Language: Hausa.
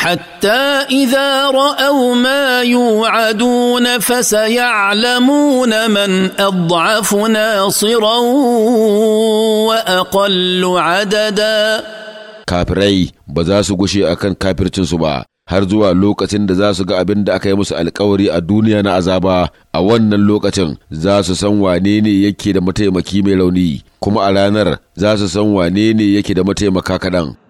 حتى اذا راوا ما يوعدون فسيعلمون من اضعف ناصرا واقل عددا kafirai ba za su gushe kan kafircinsu ba har zuwa lokacin da za su ga abin da aka yi musu alkawari a duniya na azaba a wannan lokacin za su san wane ne yake da mataimaki mai rauni kuma a ranar za su san wane ne yake da mataimaka kaɗan